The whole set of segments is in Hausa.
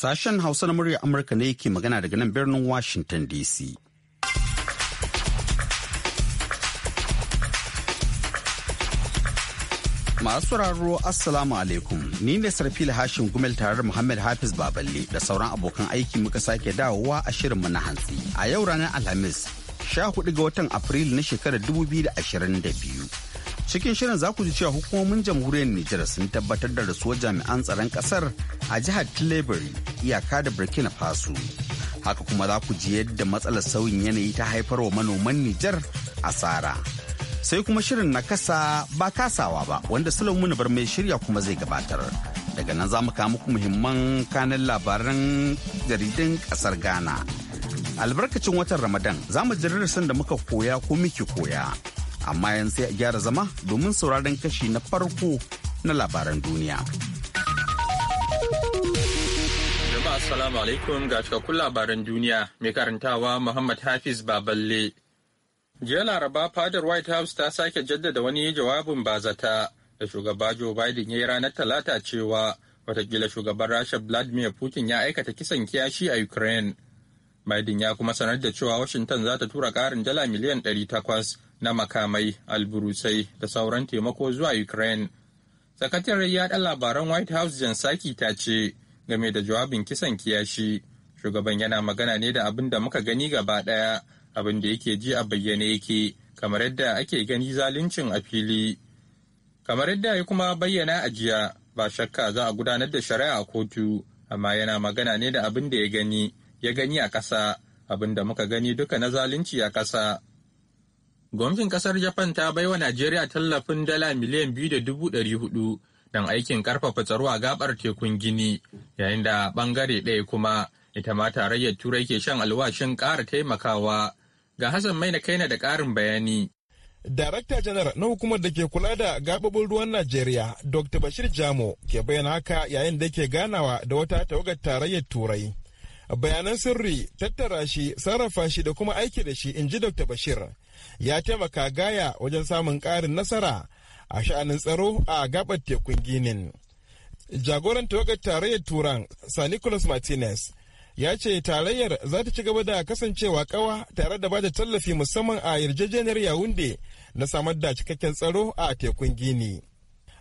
Sashen Hausa na murya Amurka ne yake magana daga nan birnin Washington DC. Masu raro Assalamu alaikum, ni ne Sarfila Hashin Gumel tare da Muhammad Hafiz Baballe da sauran abokan aiki muka sake dawowa a shirinmu na hantsi. A yau ranar Alhamis, 14 ga watan Afrilu na shekarar 2022. cikin shirin za ku ji cewa hukumomin jamhuriyar nijar sun tabbatar da rasuwar jami'an tsaron kasar a jihar tilebari iyaka da burkina faso haka kuma za ku ji yadda matsalar sauyin yanayi ta haifar wa manoman nijar asara sai kuma shirin na kasa ba kasawa ba wanda sulaimun bar mai shirya kuma zai gabatar daga nan za mu kawo muku muhimman kanin labaran jaridun kasar ghana albarkacin watan ramadan za mu ji darasin da muka koya ko muke koya amma yanzu sai gyara zama domin sauraron kashi na farko na labaran duniya. Jama'a assalamu alaikum ga cikakkun labaran duniya mai karantawa Muhammad Hafiz Baballe. Jiya Laraba fadar White House ta sake jaddada wani jawabin bazata da shugaba Joe Biden ya yi ranar Talata cewa watakila shugaban Rasha Vladimir Putin ya aikata kisan kiyashi a Ukraine. Biden ya kuma sanar da cewa Washington za ta tura ƙarin dala miliyan 800 na makamai alburusai da sauran taimako zuwa ukraine ya yaɗa labaran white house jan saki ta ce game da jawabin kisan kiyashi shugaban yana magana ne da abin da muka gani gaba ɗaya abin da yake ji a bayyane yake kamar yadda ake gani zaluncin a fili kamar yadda ya kuma bayyana a jiya ba shakka za a gudanar da shari'a a kotu amma yana magana ne da abin da ya gani ya gani a ƙasa abin da muka gani duka na zalunci a ƙasa Gwamnatin kasar Japan ta bai wa Najeriya tallafin dala miliyan biyu da dubu ɗari hudu don aikin karfafa tsaro a gabar tekun Gini, yayin da bangare ɗaya kuma ita ma tarayyar Turai ke shan alwashin ƙara taimakawa. Ga Hassan na kaina da ƙarin bayani. Darakta janar na hukumar da ke kula da gababin ruwan Najeriya, Dr. Bashir Jamo, ke bayyana haka yayin da ke ganawa da wata tawagar tarayyar Turai. Bayanan sirri, tattara shi, sarrafa shi da kuma aiki da shi, in ji Dr. Bashir. ya taimaka gaya wajen samun ƙarin nasara a sha'anin tsaro a gabar tekun ginin jagoran tawagar tarayyar turan sir nicholas martinez ya ce tarayyar za ta ci gaba da kasancewa kawa tare da bada tallafi musamman a yarjejeniyar yawunde na samar da cikakken tsaro a tekun gini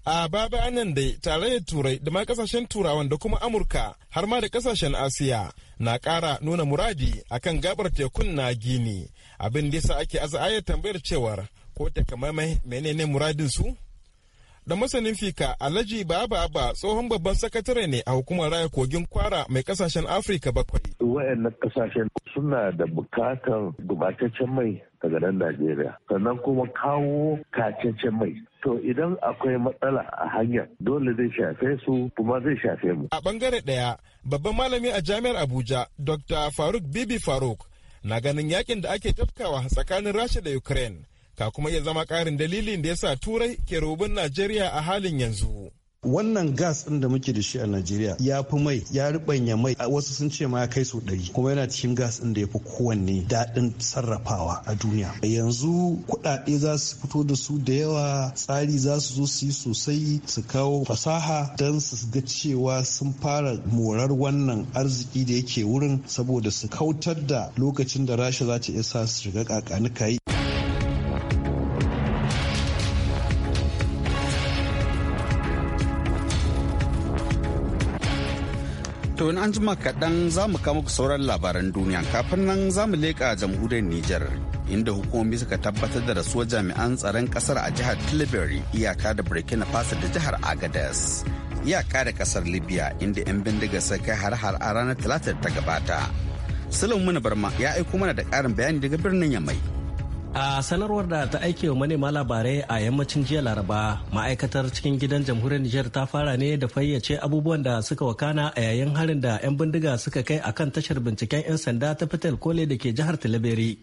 a baba anan dai tarayyar turai da ma kasashen turawan da kuma amurka har ma da kasashen asiya na kara nuna muradi akan gabar tekun na gini abin da yasa ake ayar tambayar cewa ko ta takamaimai menene muradin su da masanin fika alhaji baba ba tsohon babban sakatare ne a hukumar raya kogin kwara mai kasashen afirka bakwai wayannan kasashen suna da bukatar gubataccen mai daga nan najeriya sannan kuma kawo kacaccen mai to idan akwai matsala a hanyar dole zai shafe su kuma zai shafe mu a bangare daya babban malami a jami'ar abuja dr faruk bibi faruk na ganin yakin da ake tafkawa tsakanin rasha da ukraine ka kuma ya zama ƙarin dalilin da ya sa turai ke robin najeriya a halin yanzu wannan gas ɗin da muke da shi a najeriya ya fi mai ya ribanya mai wasu sun ce ma ya kai su ɗari kuma yana cikin gas ɗin da ya fi kowanne daɗin sarrafawa a duniya yanzu kuɗaɗe za su fito da su da yawa tsari za su zo su yi sosai su kawo fasaha don su ga cewa sun fara morar wannan arziki da yake wurin saboda su kautar da lokacin da rasha za ta iya sa su shiga kakanikayi an jima kaɗan za mu kama sauran labaran duniya kafin nan za mu leƙa jamhuriyar Nijar inda hukumomi suka tabbatar da rasuwar jami'an tsaron ƙasar a jihar Tilbury iyaka da Burkina Faso da jihar Agadez iyaka da ƙasar Libya inda 'yan bindiga suka kai har-har a ranar Talata ta gabata. Sulaimu Barma ya aiko mana da ƙarin bayani daga birnin Yamai. A sanarwar da ta aike wa manema labarai a yammacin jiya Laraba, ma'aikatar cikin gidan jamhuriyar Nijar ta fara ne da fayyace abubuwan da suka wakana a yayin harin da 'yan bindiga suka kai a kan tashar binciken 'yan sanda ta Fitel Kole da ke jihar Talabere.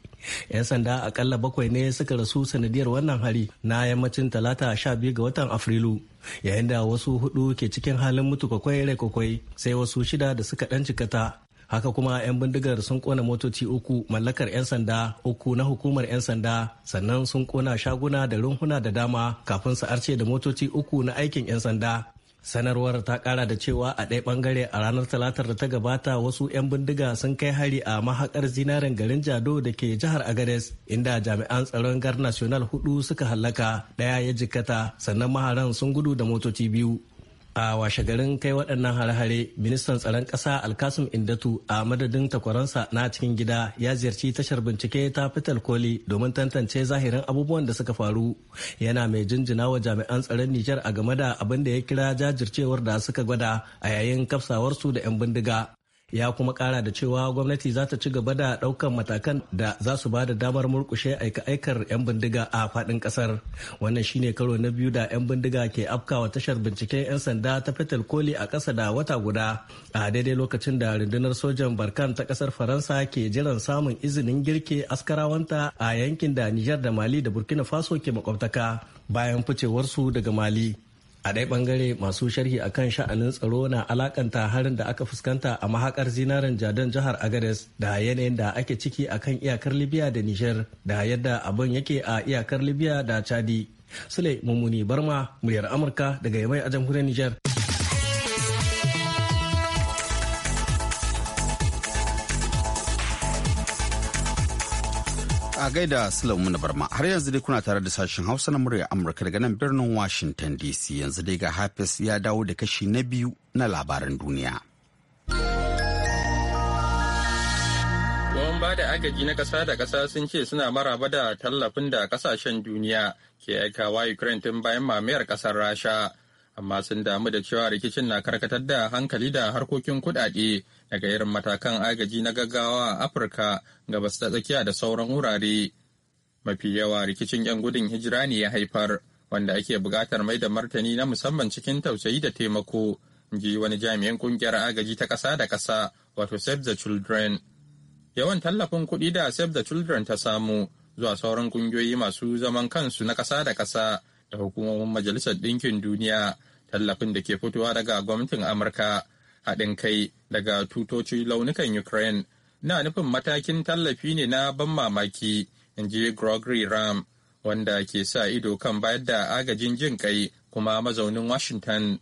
'Yan sanda akalla bakwai ne suka rasu sanadiyar wannan hari na yammacin talata sha biyu ga watan Afrilu. Yayin da wasu hudu ke cikin halin mutu kwakwai rai kwakwai sai wasu shida da suka dan cikata haka kuma 'yan bindigar sun kona motoci uku mallakar 'yan sanda uku na hukumar 'yan sanda sannan sun kona shaguna da runhuna da dama kafin su arce da motoci uku na aikin 'yan sanda sanarwar ta kara da cewa a ɗaya bangare a ranar talatar da ta gabata wasu 'yan bindiga sun kai hari a mahakar zinaren garin jado da ke jihar agades inda jami'an tsaron gar national hudu suka hallaka ɗaya ya jikkata sannan maharan sun gudu da motoci biyu a washegarin kai waɗannan hare-hare ministan tsaron ƙasa alkasim indatu a madadin takwaransa na cikin gida ya ziyarci tashar bincike ta fitar koli domin tantance zahirin abubuwan da suka faru yana mai jinjina wa jami'an tsaron nijar a game da abin da ya kira jajircewar da suka gwada a yayin kafsawarsu da 'yan bindiga ya kuma kara da cewa gwamnati za ta ci gaba da daukan matakan da za su ba da damar murkushe aika-aikar 'yan bindiga a fadin kasar wannan shine karo na biyu da 'yan bindiga ke afkawa tashar binciken 'yan sanda ta fetal koli a kasa da wata guda a daidai lokacin da rundunar sojan barkan ta kasar faransa ke jiran samun izinin girke askarawanta a yankin da nijar da mali da burkina faso ke makwabtaka bayan ficewarsu daga mali a ɗaya ɓangare masu sharhi a kan sha'anin tsaro na alakanta harin da aka fuskanta a mahakar zinaren jadon jihar agades da yanayin da ake ciki a kan iyakar libya da nijar da yadda abin yake a iyakar libya da chadi sule mummuni barma muryar amurka daga yamai a jamhuriyar nijar a gaida Sulaimu na Barma har yanzu dai kuna tare da sashen Hausa na murya Amurka daga nan birnin Washington DC yanzu dai ga Hafiz ya dawo da kashi na biyu na labaran duniya. Hukumomin ba da agaji na kasa da kasa sun ce suna maraba da tallafin da ƙasashen duniya ke aikawa Ukraine tun bayan mamayar ƙasar Rasha, amma sun damu da cewa rikicin na karkatar da hankali da harkokin kuɗaɗe daga irin matakan agaji na gaggawa a afirka gabas ta tsakiya da sauran wurare mafi yawa rikicin 'yan gudun hijira ne ya haifar wanda ake buƙatar mai da martani na musamman cikin tausayi da taimako ji wani jami'in ƙungiyar agaji ta ƙasa da ƙasa wato save the children yawan tallafin kuɗi da save the children ta samu zuwa sauran ƙungiyoyi masu zaman kansu na ƙasa da ƙasa da hukumomin majalisar ɗinkin duniya tallafin da ke fitowa daga gwamnatin amurka haɗin kai daga tutocin launukan Ukraine na nufin matakin tallafi ne na ban mamaki, in ji Gregory Ram, wanda ke sa ido kan bayar da agajin jin kai kuma mazaunin Washington.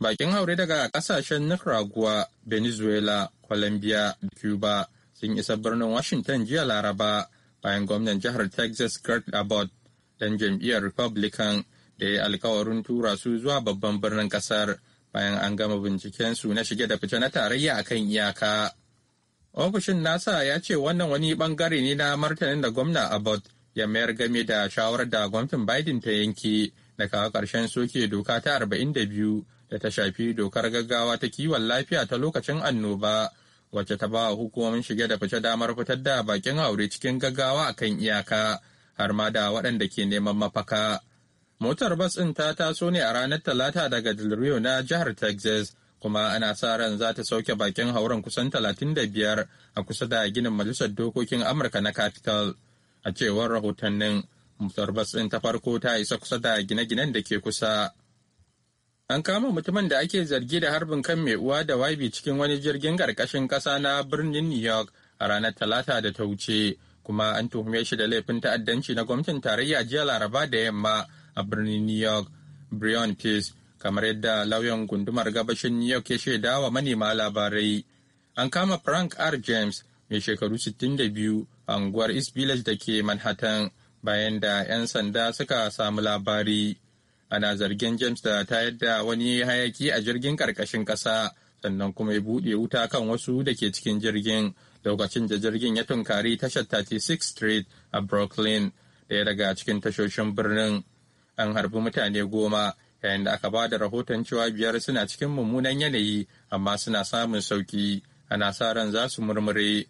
Bakin haure daga kasashen Nicaragua, Venezuela, Colombia, Cuba sun isa birnin Washington jiya Laraba bayan gwamnan jihar Texas Greg Abbott dan jam'iyyar Republican da ya alkawarin tura su zuwa babban birnin kasar bayan an gama binciken su na shige da fice na tarayya a kan iyaka. Ofishin nasa ya ce wannan wani bangare ne na martanin da gwamna Abbott ya mayar game da shawarar da gwamnatin Biden ta yanke da kawo karshen soke doka ta arba'in da biyu da ta shafi dokar gaggawa ta kiwon lafiya ta lokacin annoba wacce ta ba hukumomin shige da fice damar fitar da bakin aure cikin gaggawa akan iyaka har ma da waɗanda ke neman mafaka. Motar bas ɗin ta taso ne a ranar Talata daga Del Rio na jihar Texas, kuma ana sa ran za ta sauke bakin hauren kusan 35 a kusa da ginin Majalisar Dokokin Amurka na Capitol. A cewar rahotannin, motar bas ɗin ta farko ta isa kusa da gine-ginen da ke kusa. An kama mutumin da ake zargi da harbin kan mai uwa da wabi cikin wani jirgin ƙarƙashin ƙasa na birnin New York a ranar Talata da ta wuce, kuma an tuhume shi da laifin ta'addanci na gwamnatin tarayya jiya Laraba da yamma a birnin New York, Brian peace kamar yadda lauyan gundumar gabashin New York ya shaida wa manema labarai. An kama Frank R. James, mai shekaru 62, a unguwar East Village da ke Manhattan, bayan da 'yan sanda suka samu labari. Ana zargin James da ta yadda wani hayaki a jirgin ƙarƙashin ƙasa, sannan kuma ya buɗe wuta kan wasu da ke cikin jirgin. lokacin da jirgin ya tunkari tashar 36th Street a Brooklyn, ɗaya daga cikin tashoshin birnin an harbi mutane goma yayin da aka ba da rahoton cewa biyar suna cikin mummunan yanayi amma suna samun sauki ana sa ran za su murmure.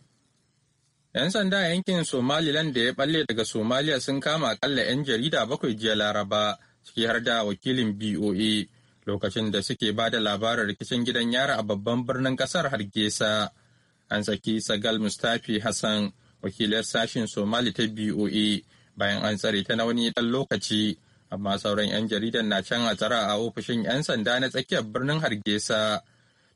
'Yan sanda a yankin Somaliland da ya balle daga Somaliya sun kama akalla 'yan jarida bakwai jiya Laraba ciki har da wakilin BOA lokacin da suke ba da labarin rikicin gidan yara a babban birnin kasar Hargesa. An saki Sagal Mustafi Hassan wakilar sashin Somali ta BOA bayan an tsare ta na wani dan lokaci amma sauran 'yan jaridan na can a tsara a ofishin 'yan sanda na tsakiyar birnin hargesa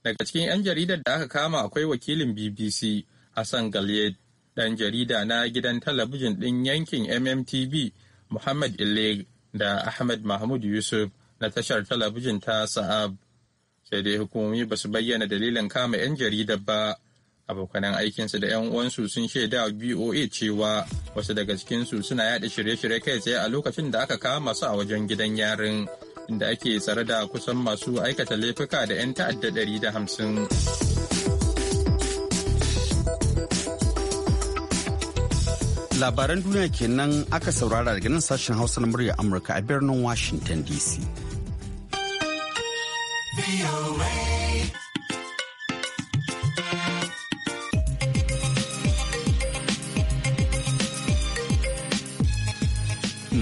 daga cikin 'yan jaridar da aka kama akwai wakilin bbc hassan galyed ɗan jarida na gidan talabijin ɗin yankin mmtv muhammad illeg da ahmed mahmud yusuf na tashar talabijin ta sa'ab sai dai hukumomi ba su bayyana dalilin kama 'yan jaridar ba abokanan aikinsu da 'yan uwansu sun shaida BOA cewa wasu daga cikinsu suna yada shirye-shirye kai tsaye a lokacin da aka kama su a wajen gidan yarin inda ake tsare da kusan masu aikata laifuka da 'yan ta'adda da hamsin. Labaran duniya kenan aka saurara daga nan sashen Hausa na murya Amurka a birnin Washington DC.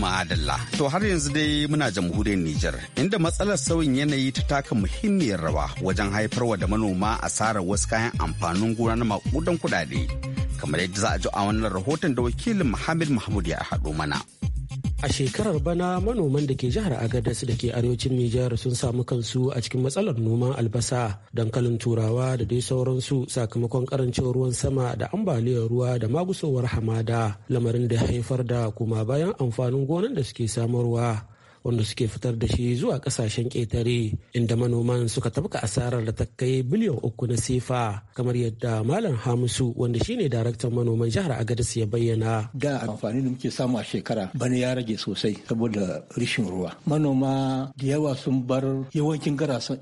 Dalla To har yanzu dai muna jamhuriyar Nijar, inda matsalar sauyin yanayi ta taka muhimmiyar rawa wajen haifarwa da manoma asarar wasu kayan amfanin gona na makudan kudade. Kamar yadda za a ji a wannan rahoton da wakilin Muhammad Mahmud ya haɗo mana. A shekarar bana manoman da ke jihar Agadas da ke arewacin Nijar sun samu kansu a cikin matsalar noman albasa, dankalin turawa da dai sauransu sakamakon karancin ruwan sama da ambaliyar ruwa da magusowar hamada, lamarin da haifar da kuma bayan amfanin gonan da suke samarwa. wanda suke fitar da shi zuwa kasashen ƙetare inda manoman suka tabka asarar da ta kai biliyan uku na sefa kamar yadda malam hamisu wanda shine daraktan manoman jihar agadis ya bayyana da amfani da muke samu a shekara bana ya rage sosai saboda rishin ruwa manoma da yawa sun bar yawancin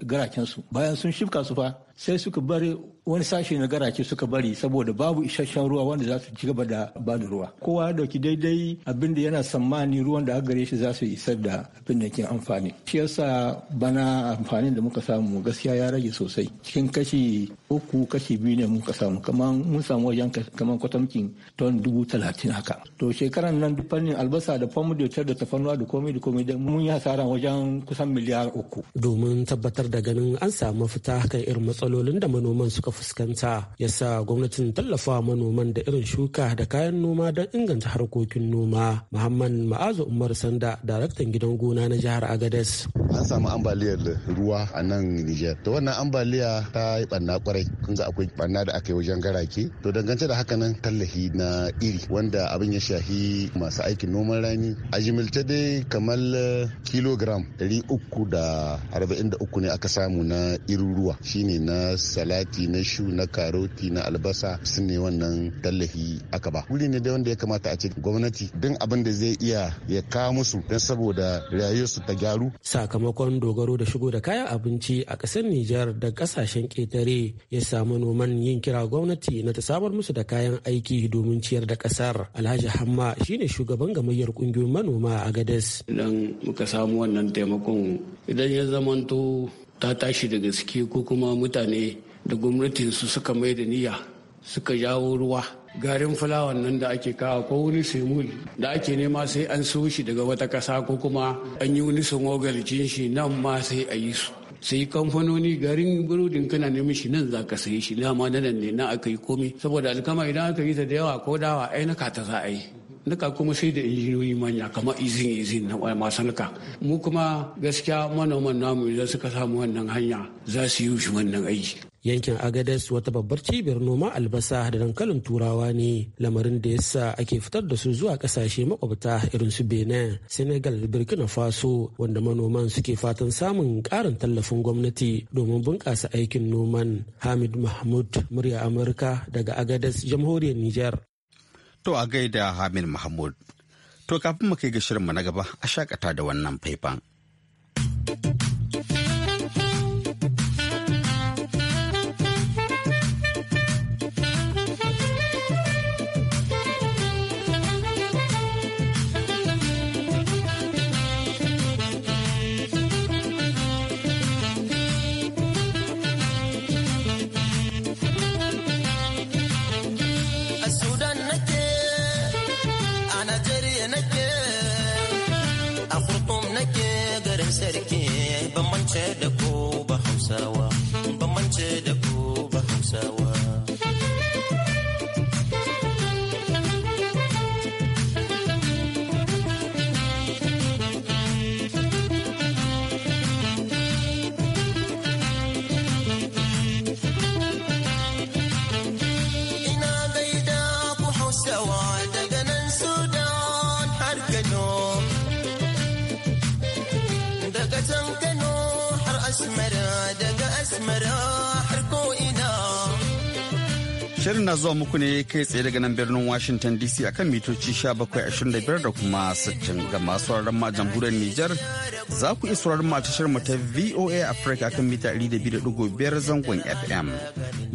garakensu. bayan sun shifka su fa sai suka bari wani sashi na garake suka bari saboda babu isasshen ruwa wanda za su ci gaba da ba da ruwa kowa ya dauki daidai abin da yana tsammani ruwan da gare shi za su isar da abin da ke amfani shi yasa bana amfanin da muka samu gaskiya ya rage sosai cikin kashi uku kashi biyu ne muka samu kamar mun samu wajen kamar kwatamkin ton dubu talatin haka to shekaran nan duk fannin albasa da famu da da tafarnuwa da komai da komai da mun yi hasara wajen kusan miliyar uku domin tabbatar da ganin an samu fita kan irin matsalolin da manoman suka fuskanta ya sa gwamnatin tallafa manoman da irin shuka da kayan noma don inganta harkokin noma muhammad ma'azu umar sanda daraktan gidan gona na jihar agades an samu ambaliyar ruwa a nan Niger. To wannan ambaliya ta yi banna kwarai kun ga akwai banna da aka yi wajen garake. To dangance da haka nan tallahi na iri wanda abin ya shahi masu aikin noman rani. A jimilce dai kamar eh, kilogram 343 ne aka samu na irin ruwa shine na salati na shu na karoti na albasa su ne wannan tallahi aka ba. Wuri ne dai wanda ya kamata a ce gwamnati din abin da zai iya ya kawo musu don saboda rayuwarsu ta gyaru. Sakamakon sakamakon dogaro da shigo da kayan abinci a ƙasar Nijar da ƙasashen ƙetare ya samu noman yin kira gwamnati na ta samar musu da kayan aiki domin ciyar da ƙasar. Alhaji Hamma shine shugaban gamayyar ƙungiyoyin manoma a gadas Idan muka samu wannan taimakon idan ya zamanto ta tashi da gaske ko kuma mutane da gwamnatin su suka mai da niyya suka jawo ruwa garin fulawan nan da ake kawo ko wani simul da ake nema sai an so shi daga wata ƙasa ko kuma an yi wani sumogalcin shi nan ma sai a yi su sai kamfanoni garin burodin kana neman shi nan za ka sayi shi dama na nan ne na aka yi komai saboda alkama idan aka yi ta da yawa ko dawa ai naka ta za a yi naka kuma sai da injiniyoyi manya kamar izin izin na masu nika mu kuma gaskiya manoman namu idan suka samu wannan hanya za su yi shi wannan aiki yankin agadas wata babbar cibiyar noma albasa da dankalin turawa ne lamarin da yasa ake fitar da su zuwa kasashe makwabta irin su benin senegal da burkina faso wanda manoman suke fatan samun karin tallafin gwamnati domin bunkasa aikin noman hamid mahmud murya amurka daga agadas jamhuriyar niger to a gaida hamid mahmud to kafin mu kai ga shirin mu na gaba a shakata da wannan faifan Shirin na zuwa muku ne kai tsaye daga nan birnin Washington DC akan mitoci 1725 da kuma 60 ga masu sauraron ma jamhuriyar Nijar za ku iya sauraron ma tashar mu ta VOA Africa akan mita 200.5 zangon FM.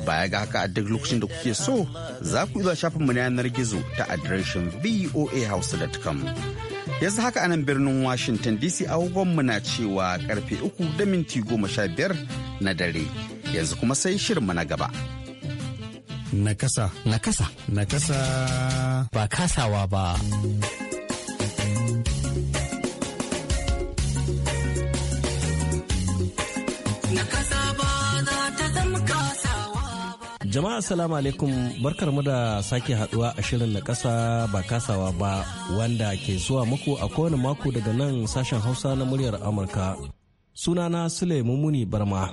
Baya ga haka a duk lokacin da kuke so za ku iya shafin mu na yanar gizo ta adireshin voahouse.com. Yanzu haka a nan birnin Washington DC agogon mu na cewa karfe uku da minti goma sha biyar na dare. Yanzu kuma sai shirin mu na gaba. Nakasa. Nakasa. Nakasa. Ba kasawa ba. Jama'a salamu alaikum barkar mu da sake haduwa a shirin na kasa ba kasawa ba wanda ke zuwa muku a kowane mako daga nan sashen hausa na muryar Amurka. Sunana Sule muni Barma.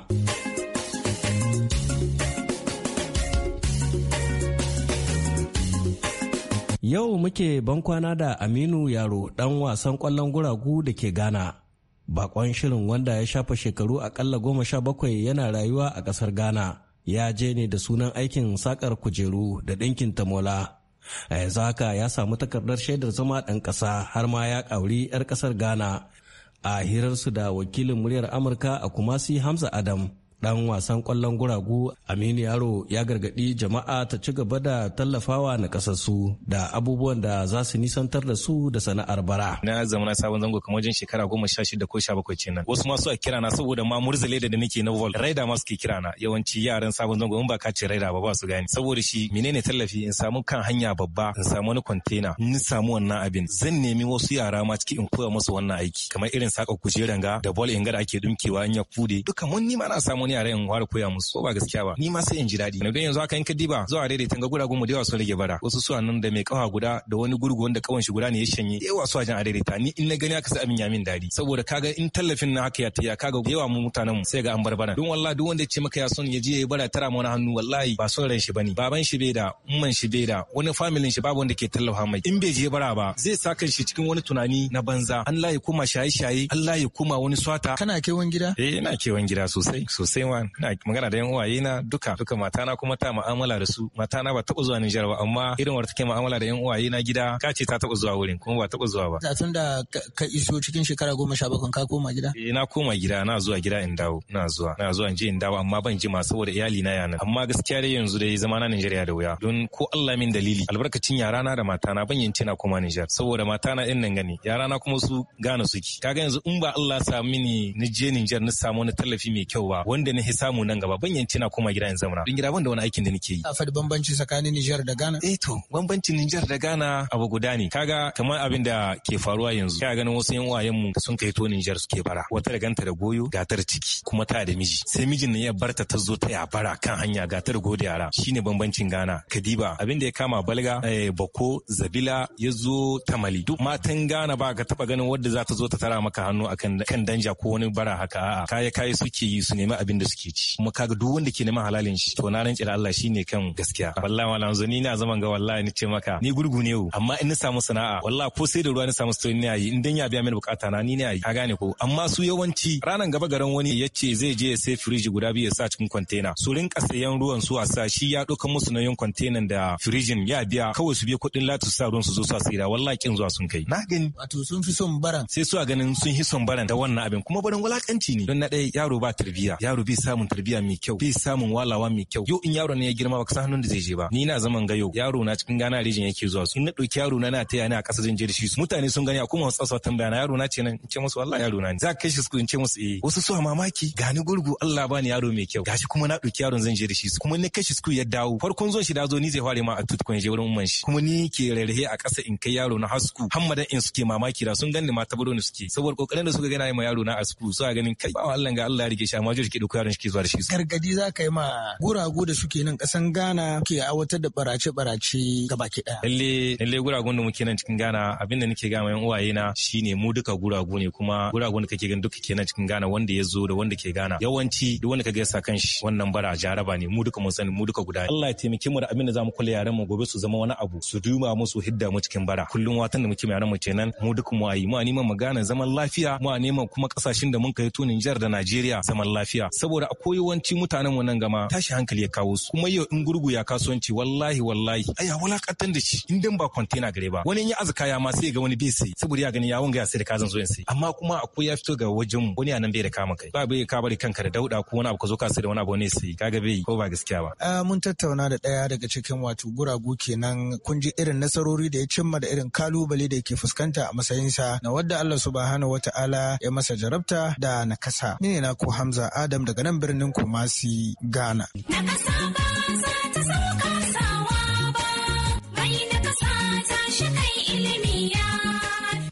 Yau muke bankwana da Aminu Yaro ɗan wasan ƙwallon guragu da ke Ghana. Bakon shirin wanda ya shafa shekaru akalla goma sha bakwai yana rayuwa a ƙasar Ghana. Ya je ne da sunan aikin sakar kujeru da ɗinkin tamola. A yanzu haka ya samu takardar shaidar zama ɗan ƙasa har ma ya ƙauri 'yar ƙasar Ghana. A hirarsu da wakilin muryar Amurka a Kumasi Hamza Adam. dan wasan kwallon guragu aminu yaro ya gargadi jama'a ta ci gaba da tallafawa na kasassu da abubuwan da za su nisantar da su da sana'ar bara na zama na sabon zango kamar wajen shekara goma sha shida ko sha bakwai kenan wasu masu a kirana saboda ma murzale da nake na vol raida masu ke kirana, yawanci yaran sabon zango in ba ka ce raida ba ba su gane saboda shi menene tallafi in samu kan hanya babba in samu wani kwantena in samu wannan abin zan nemi wasu yara ma ciki in koya musu wannan aiki kamar irin saka kujeran ga da bol in ga da ake dumkewa in ya kude duka mun ni ma na samu wani yare in ware koya musu ko ba gaskiya ba ni ma sai in ji daɗi don yanzu aka in ka diba zuwa daidaitan ga guragun mu da yawa sun rage bara wasu su nan da mai kawa guda da wani gurgu wanda kawan shi guda ne ya shanye da yawa su a jan a daidaita ni in na gani aka sa amin ya min daɗi saboda kaga in tallafin na haka ya tiya kaga yawa mu mutanen mu sai ga an bar bara don wallahi duk wanda ya ce maka ya son ya je ya bara tara mana hannu wallahi ba son ran shi bane baban shi bai da umman shi bai da wani familin shi babu wanda ke tallafa mai in bai je bara ba zai saka shi cikin wani tunani na banza Allah ya kuma shaye-shaye Allah ya kuma wani swata kana kewan gida eh ina kewan gida sosai sosai Taiwan na magana da yan uwaye na duka duka matana kuma ta mu'amala da su matana ba taɓa zuwa Nijar ba amma irin wata take mu'amala da yan uwaye na gida ka ce ta taɓa zuwa wurin kuma ba taɓa zuwa ba. Tun da ka iso cikin shekara goma sha bakwai ka koma gida? Eh na koma gida na zuwa gida in dawo na zuwa na zuwa in je in dawo amma ban jima saboda iyali na yana amma gaskiya dai yanzu dai zama na Nijeriya da wuya don ko Allah min dalili albarkacin yara na da matana ban yin na koma Nijar saboda matana din nan gani yara na kuma su gane suki kaga yanzu in ba Allah sa mini ni je Nijar na samu wani tallafi mai kyau ba da na samu nan gaba ban yanci na koma gida in gida ban da wani aikin da nake yi a faɗi bambanci tsakanin Niger da Ghana eh to bambancin Nijar da Ghana abu guda ne kaga kamar abin da ke faruwa yanzu kaga ganin wasu yan uwayen mu sun kai to Nijar suke bara wata da ganta da goyo gatar ciki kuma ta da miji sai mijin na ya barta ta zo ta ya bara kan hanya gatar gode yara ne bambancin Ghana kadiba abin da ya kama balga eh, bako zabila ya zo tamali duk matan Ghana ba ka taba ganin wadda za ta zo ta tara maka hannu akan kan danja ko wani bara haka a'a kaya kaya suke yi su nemi abin abin da suke ci kuma kaga duk wanda ke neman halalin shi to na rantsi da Allah shine kan gaskiya wallahi wala zo ni na zaman ga wallahi ni ce maka ni gurgu ne amma in na samu sana'a wallahi ko sai da ruwa ni samu stoyin ne ayi in dan ya biya mini bukata na ni ne ayi ka gane ko amma su yawanci ranan gaba garan wani yace zai je ya sai firiji guda biyu ya sa cikin container su rinka sayan ruwan su a sa shi ya dauka musu nauyin container da firijin ya biya kawai su biya kudin latu sa ruwan su zo su saida wallahi kin zuwa sun kai na gani wato sun fi son baran sai su a ganin sun hi son baran da wannan abin kuma barin wulakanci ne don na dai yaro ba tarbiya yaro yaro bai samun tarbiyya mai kyau bai samun walawa mai kyau yau in yaro ne ya girma baka san hannun da zai je ba ni na zaman gayo yaro na cikin gana rijin yake zuwa su in na dauki yaro na na taya ni a kasa zan je da shi su mutane sun gani a kuma wasu tsasa tambaya na yaro na ce nan in ce musu wallahi yaro na ne za ka kai shi su in ce musu eh wasu su mamaki gani gurgu Allah bani yaro mai kyau gashi kuma na dauki yaron zan je da shi su kuma ni kai shi su ya dawo farkon zuwan shi da zo ni zai fare ma a tutkun je wurin umman shi kuma ni ke rarrahe a kasa in kai yaro na hasku hammadan in suke mamaki da sun gani ma tabaro ne suke saboda kokarin da suka gani ma yaro na a su a ganin kai ba Allah ga Allah ya rike shi amma jiki ko shi zuwa da shi gargadi za ka yi ma guragu da suke nan kasan Ghana ke awatar da barace barace baki daya lalle lalle guragun da muke nan cikin Ghana abin da nake ga yan uwaye na shine mu duka guragu ne kuma guragun da kake gani duka kenan cikin Ghana wanda ya zo da wanda ke Ghana yawanci duk wanda ka ya sa shi. wannan bara jaraba ne mu duka mun sani mu duka guda Allah ya taimake mu da abin da zamu kula yaran mu gobe su zama wani abu su duma mu su hidda mu cikin bara kullum watan da muke yaran mu kenan mu duka mu ayi mu a neman magana zaman lafiya mu a neman kuma kasashen da mun kai tunin Niger da Najeriya zaman lafiya saboda a koyawanci mutanen mu nan gama tashi hankali ya kawo su kuma yau in gurgu ya kasuwanci wallahi wallahi aya wulakatan da shi in dan ba container gare ba wani ya azuka ya ma sai ga wani bai sai saboda ya gani ya wanga ya sai da kazan zo in sai amma kuma akwai ya fito ga wajen wani anan bai da kama kai ba bai ka bari kanka da dauda ko wani abu ka zo ka sai da wani abu ne sai kaga bai ko ba gaskiya ba ah, mun tattauna da daya daga cikin wato guragu kenan kun ji irin nasarori da ya cimma da irin kalubale da yake fuskanta a sa na wadda Allah subhanahu wataala ya masa jarabta da nakasa ni ne na ku Hamza Adam da daga nan birnin Kumasi, Ghana.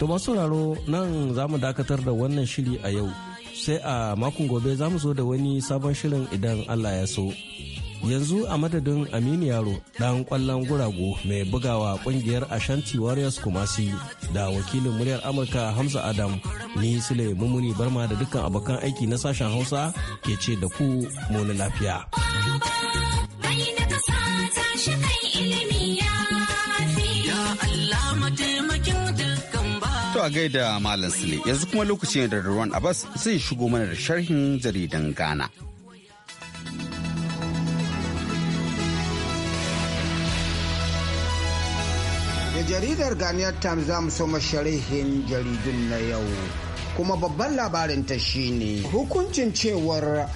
To masu sauraro nan za mu dakatar da wannan shiri a yau. Sai a makon gobe za mu zo da wani sabon shirin idan Allah ya so. yanzu a madadin aminu yaro dan kwallon gurago mai bugawa kungiyar ashanti warriors kumasi da wakilin muryar amurka hamza adam ni sule mumuni barma da dukkan abokan aiki na sashen hausa ke ce da ku muni lafiya To a gaida Malam Sule yanzu kuma lokacin da Ruwan Abbas zai shigo mana da sharhin jaridan Ghana. jaridar Ganiyar Times za mu soma sharihin jaridun na yau. Kuma babban labarin ta shine hukuncin cewar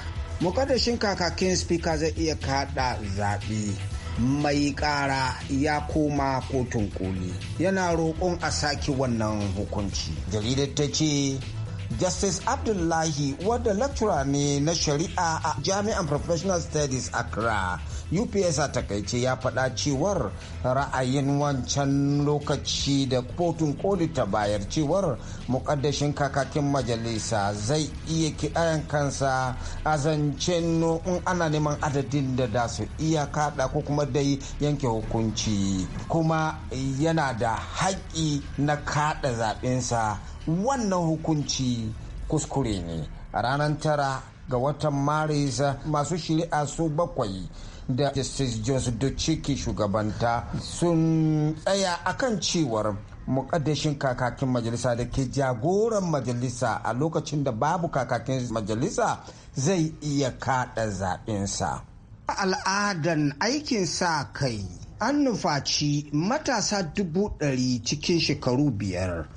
mukaddashin kakakin spika zai iya kada zaɓe. Mai ƙara ya koma kotun koli yana roƙon a saki wannan hukunci. Jaridar ta ce Justice Abdullahi wadda lecturer ne na shari'a a Jami'an Professional Studies Accra. ups a takaice ya faɗa cewar ra'ayin wancan lokaci da kotun koli ta bayar cewar mukaddashin kakakin majalisa zai iya kiɗayan kansa a zance in ana neman adadin da da su iya kaɗa ko kuma dai yanke hukunci kuma yana da haƙƙi na kaɗa zaɓensa wannan hukunci kuskure ne a ranar tara ga watan maris masu shari'a su bakwai da justice jos dochiki shugabanta sun tsaya akan cewar mukaddashin kakakin majalisa da ke jagoran majalisa a lokacin da babu kakakin majalisa zai iya kada zaɓensa. al'adan aikin sa kai an nufaci matasa dubu ɗari cikin shekaru biyar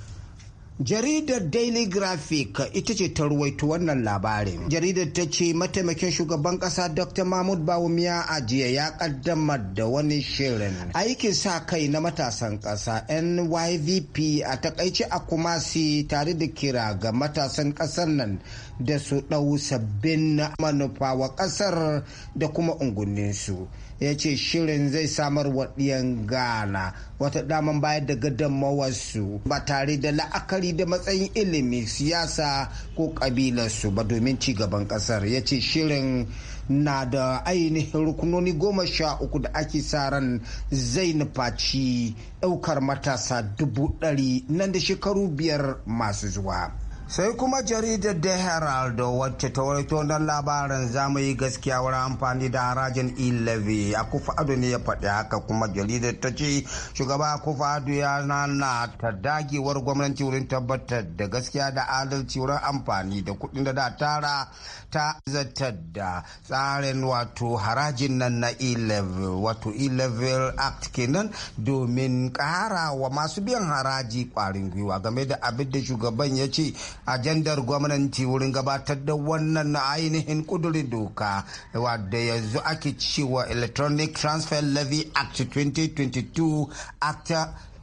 Jaridar Daily Graphic ita ce ta ruwaito wannan labarin. Jaridar ta ce mataimakin shugaban kasa Dr. Mahmud Bawumia a ya kaddamar da wani shirin. Aikin sa kai na matasan kasa NYVP a takaice a Kumasi tare da kira ga matasan kasar nan da su ɗau sabbin manufa wa kasar da kuma ungunninsu. ya ce shirin zai samar wa ɗiyan ghana wata daman bayar da gudunmawarsu ba tare da la'akari da matsayin ilimin siyasa ko ƙabilarsu ba domin ci gaban ƙasar ya ce shirin na da ainihin rukunoni goma sha uku da ake sa ran zai nufaci ɗaukar matasa dubu ɗari nan da shekaru biyar masu zuwa. sai kuma jaridar da herald wacce ta warto don labarin zamu yi gaskiya wurin amfani da harajin ilave a kufa ne ya faɗi haka kuma jaridar ta ce shugaba kufa ado ya nana ta dagewar gwamnati wurin tabbatar da gaskiya da adalci wurin amfani da kuɗin da da tara ta zartar da tsarin wato harajin nan na ilave wato ilave act kenan domin ƙara wa masu biyan haraji kwarin gwiwa game da abin da shugaban ya ce ajandar gwamnati wurin gabatar da wannan ainihin kudurin doka wadda yanzu ake cewa electronic transfer levy act 2022 act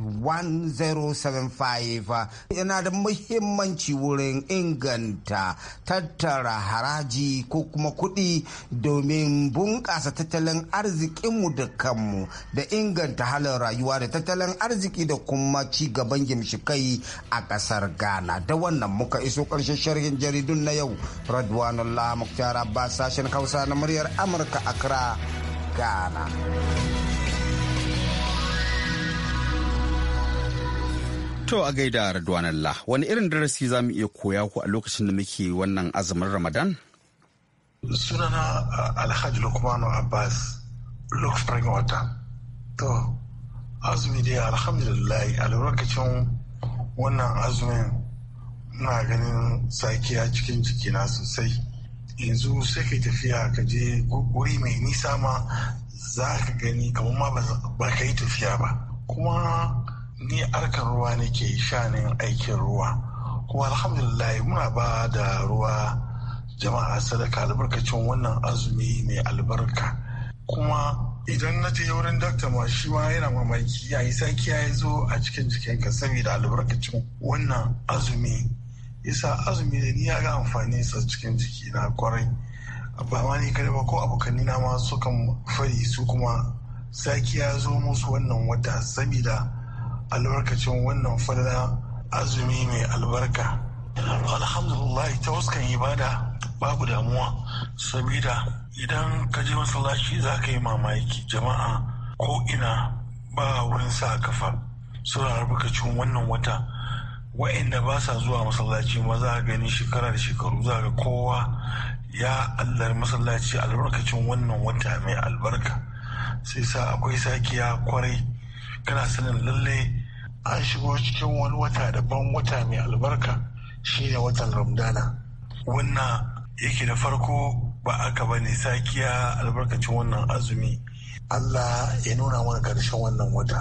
1075 yana da muhimmanci wurin inganta tattara haraji ko kuma kuɗi domin bunƙasa tattalin arzikinmu da kanmu da inganta halin rayuwa da tattalin arziki da kuma ci gaban gimshikai a ƙasar ghana da wannan muka iso ƙarshen sharhin jaridun na yau radwanullah muktar abbas sashen hausa na muryar amurka accra ghana To a gaida Radwan Allah, wani irin darasi za mu iya koya ku a lokacin da muke wannan azumin Ramadan? Sunana Alhaji Lukmanu Abbas, Luke Spring Water. To, azumi dai alhamdulillah a lokacin wannan azumin muna ganin sakiya cikin jikina sosai. Yanzu sai ka tafiya ka je wuri mai nisa ma za ka gani kamar ma ba ka yi tafiya ba. Kuma ni harkar ruwa ne ke shanin aikin ruwa kuma alhamdulillah muna ba da ruwa jama'a sadaka albarkacin wannan azumi mai albarka kuma idan na je wurin dakta ma shi ma yana mamaki ya yi saki ya zo a cikin jikinka saboda albarkacin wannan azumi yasa azumi da ni ya ga amfani sa cikin jiki na kwarai ba ma ni kare ba ko abokanni na ma sukan fari su kuma saki ya zo musu wannan wata saboda albarkacin wannan fadada azumi mai albarka alhamdulillah ta waskan ibada babu damuwa sabida idan ka je masallaci za ka yi mamaki jama'a ko ina ba wurin sa kafa suna albarkacin wannan wata wa'inda ba sa zuwa masallaci ma za a gani shekara da shekaru za ga kowa ya allar masallaci albarkacin wannan wata mai albarka sai sa akwai sakiya kwarai kana sanin lalle an shigo cikin wani wata daban wata mai albarka shine watan ramdana wannan yake da farko ba aka ba ne sakiya albarkacin wannan azumi allah ya nuna mana karshen wannan wata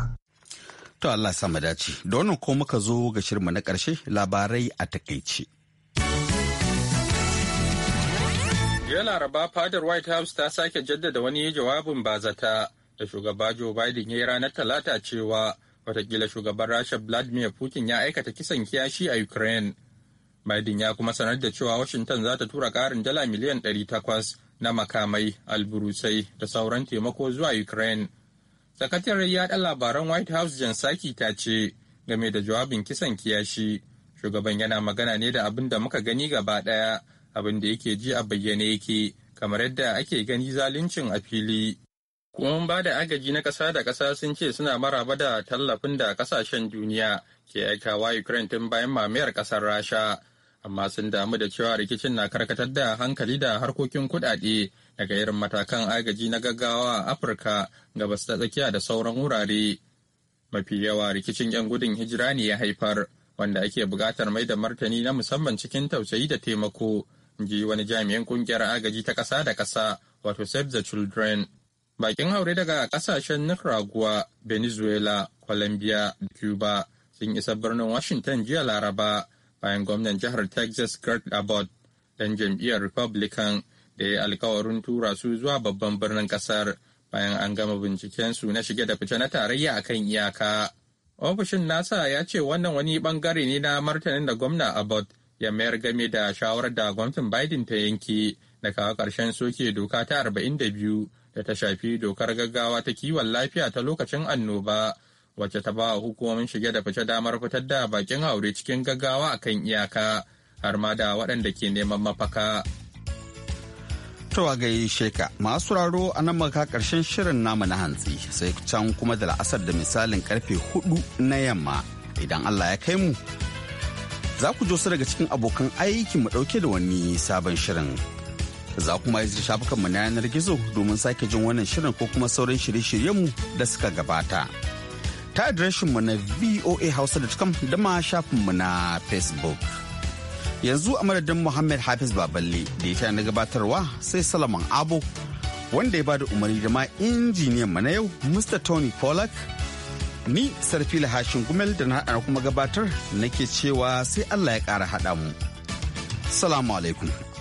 to allah sama dace da wannan ko muka zo ga shirma na karshe labarai a takaice Yana laraba fadar white house ta sake jaddada wani jawabin bazata da shugaba Joe Biden ya yi ranar Talata cewa watakila shugaban Rasha Vladimir Putin ya aikata kisan kiyashi a Ukraine. Biden ya kuma sanar da cewa Washington za ta tura ƙarin dala miliyan 800 na makamai, alburusai da sauran taimako zuwa Ukraine. ya yaɗa labaran White House Jan Saki ta ce game da jawabin kisan kiyashi, shugaban yana magana ne da abin da muka gani gaba ɗaya, abin da yake ji a bayyane yake, kamar yadda ake gani zaluncin a fili. kuma ba da agaji na ƙasa da ƙasa sun ce suna maraba da tallafin da ƙasashen duniya ke aikawa Ukraine tun bayan mamayar ƙasar Rasha, amma sun damu da cewa rikicin na karkatar da hankali da harkokin kuɗaɗe daga irin matakan agaji na gaggawa a Afirka gabas ta tsakiya da sauran wurare. Mafi yawa rikicin 'yan gudun hijira ne ya haifar, wanda ake bukatar mai da martani na musamman cikin tausayi da taimako, ji wani jami'in ƙungiyar agaji ta ƙasa da ƙasa, wato Save the Children. Bakin haure daga kasashen Nicaragua, Venezuela, Colombia, da Cuba sun isa birnin Washington jiya Laraba bayan gwamnan jihar Texas Greg Abbott dan jam'iyyar Republican da ya alkawarin tura su zuwa babban birnin ƙasar, bayan an gama bincikensu na shige da fice na tarayya a kan iyaka. Ofishin nasa ya ce wannan wani bangare ne na martanin da gwamna Abbott ya mayar game da shawarar da gwamnatin Biden ta yanke da kawo karshen soke doka ta 42 da ta shafi dokar gaggawa ta kiwon lafiya ta lokacin annoba wacce ta ba hukumomin shige da fice damar fitar da bakin aure cikin gaggawa a kan iyaka har ma da waɗanda ke neman mafaka. Tawa gai sheka masu raro a nan maka karshen shirin namu na hantsi sai can kuma da la'asar da misalin karfe hudu na yamma idan Allah ya kai mu. Za ku jo su daga cikin abokan aiki mu ɗauke da wani sabon shirin. za kuma yi shafukanmu na yanar gizo domin sake jin wannan shirin ko kuma sauran shirye-shiryenmu da suka gabata. Ta mu na voa Hausa da ma shafinmu na Facebook. Yanzu a madadin Muhammad Hafiz Baballe da ya na gabatarwa sai Salaman Abo wanda ya bada umarni da ma injiniyan mu na yau Mr. Tony Pollack. Ni sarfi lahashin Gumel da na kuma gabatar nake cewa sai Allah ya ƙara haɗa mu. Salamu alaikum.